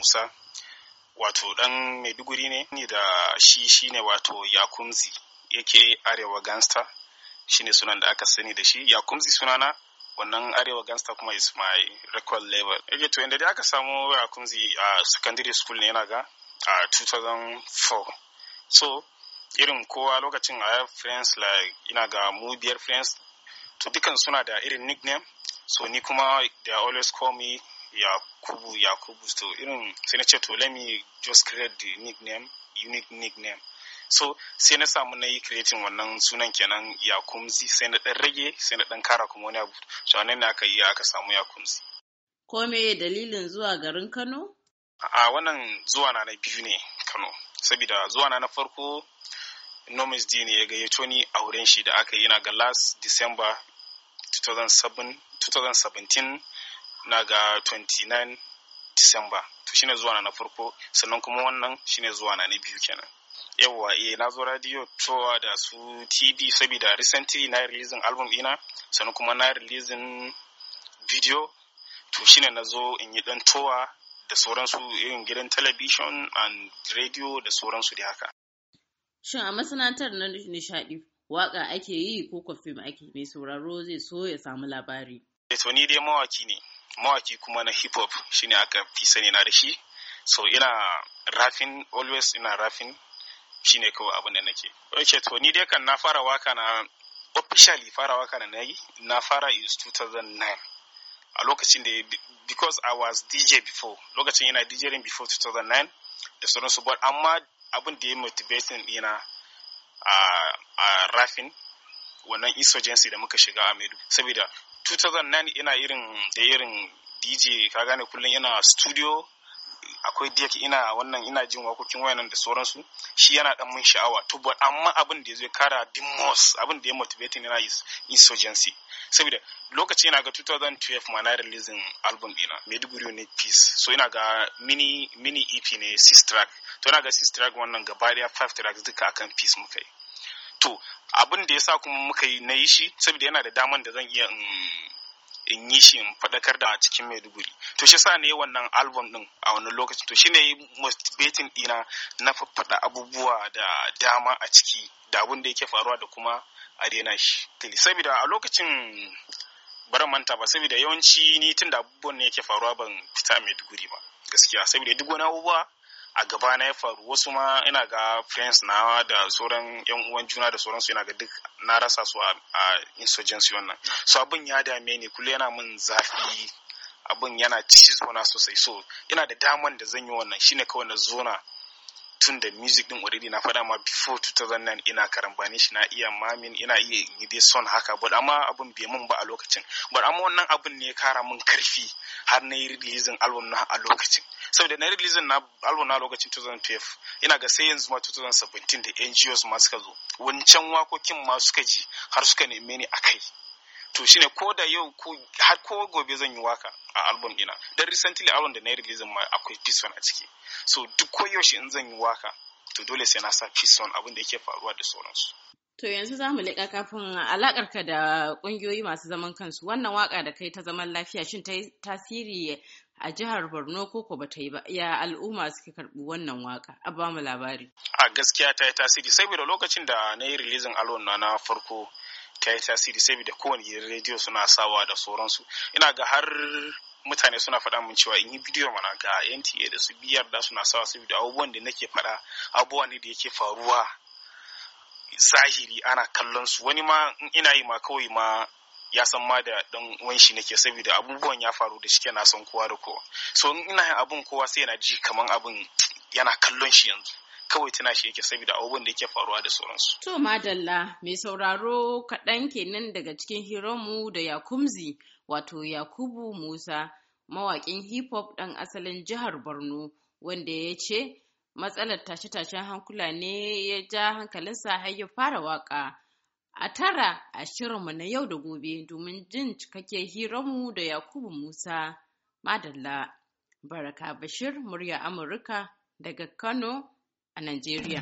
musa wato dan maiduguri ne da shi shine wato yakumzi yake arewa gangster shine sunan da aka sani da shi Yakunzi sunana wannan arewa gangster kuma is my record label yake to inda dai aka samu yakumzi a secondary school ne yana ga a 2004 so irin kowa lokacin a have friends like ina ga mu biyar friends to dukan suna da irin nickname so ni kuma they always call me yakubu yakubu to irin sai na ce to let me just create the nickname unique nickname so sai na samu na yi kiretin wannan sunan kenan yakumzi sai na dan rage sai na dan kara kuma wani abu to wannan ne aka yi aka samu yakumzi ko me dalilin zuwa garin Kano a wannan zuwa na na biyu ne Kano saboda zuwa na na farko Nomis D ne ya gayyato ni a wurin shi da aka yi na ga last December 2017 na ga 29 Disamba to shine zuwa na farko sannan kuma wannan shine zuwa na biyu kenan yawwa eh na zo radio towa da su tv saboda recently na release album ina sannan kuma na release video to shine na zo in yi dan towa da sauransu irin gidan television and radio da sauransu da haka shin a masana'antar na nishadi waka ake yi ko kwafim ake mai sauraro zai so ya samu labari eh, to ni dai mawaki ne mawaki kuma na hip hop shine aka fi sani na da shi so ina rafin always ina rafin shine kawai abin da nake ok to ni dai kan na fara waka na officially fara waka na nayi na fara is 2009 a lokacin da because I was DJ before lokacin dj DJing before 2009 da sauransu but amma abin da ya motivating ina a rafin wannan insurgency da muka shiga a Medu saboda 2009 ina irin da irin dj ka gane kullum ina studio akwai diyaki ina wannan ina jin wakokin wayanan da sauransu shi yana dan mun sha'awa to but amma abin da zai kara the most abin da ya motivate yana na insurgency saboda lokaci ina ga 2012 ma na releasing album dina Maiduguri ne Peace so ina ga mini mini EP ne six track to ina ga six track wannan gaba daya five tracks duka akan peace muka yi to abin da ya sa kuma muka yi na yi shi saboda yana da daman da zan iya in yi shi in faɗakar da a cikin maiduguri to shi sa ne wannan album din a wani lokacin to shi shine motivating dina na faɗa abubuwa da dama a ciki da abin da yake faruwa da kuma a daina shi saboda a lokacin bar manta ba saboda yawanci ni tun da abubuwan ne yake faruwa ban fita maiduguri ba gaskiya saboda duk wani abubuwa a gaba na ya faru wasu ma ina ga friends na da sauran yan uwan juna da sauransu ina ga duk na rasa su a insurgency wannan so abin ya dame ni kullum yana min zafi abin yana cizo na sosai so ina da daman da zan yi wannan shine kawai na zona tun da music din already na faɗa ma before 2009 ina karambani shi na iya mamin ina iya ni dai son haka but amma abun bai mun ba a lokacin but amma wannan abun ne ya kara mun karfi har na yi releasing album na a lokacin saboda na releasing na album na lokacin 2012 ina ga sai yanzu ma 2017 da NGOs ma suka zo wancan wakokin ma suka ji har suka neme ni akai to shine ko da yau ko har ko gobe zan yi waka a album dina dan recently album da na release ma akwai peace a ciki so duk koyaushe in zan yi waka to dole sai na sa peace abin da yake faruwa da sauransu To yanzu za mu leƙa kafin ka da ƙungiyoyi masu zaman kansu. Wannan waka da kai ta zaman lafiya shin ta yi tasiri a jihar Borno ko ko bata yi ba? Ya al'umma suke karɓi wannan waka A ba mu labari. A gaskiya ta yi tasiri saboda lokacin da na yi releasing alon na farko ta yi tasiri saboda kowane gidan rediyo suna sawa da sauransu ina ga har mutane suna faɗa min cewa in yi bidiyo mana ga NTA da su biyar da suna sawa da abubuwan da nake faɗa abubuwa ne da yake faruwa sahiri ana kallon su wani ma ina yi ma kawai ma ya san ma da dan uwan nake saboda abubuwan ya faru da shike na san kowa da kowa so ina yin abun kowa sai yana ji kaman abun yana kallon shi yanzu kawai tuna shi yake saboda abubuwan da yake faruwa da sauransu. To madalla mai sauraro kaɗan kenan daga cikin hiranmu da Yakumzi wato Yakubu Musa mawaƙin hip hop ɗan asalin jihar Borno wanda ya ce matsalar tashe-tashen hankula ne ya ja hankalinsa har ya fara waƙa. A tara a shirinmu na yau da gobe domin jin cikakken hiranmu da Yakubu Musa Madalla. Baraka Bashir, murya Amurka daga Kano, a Najeriya.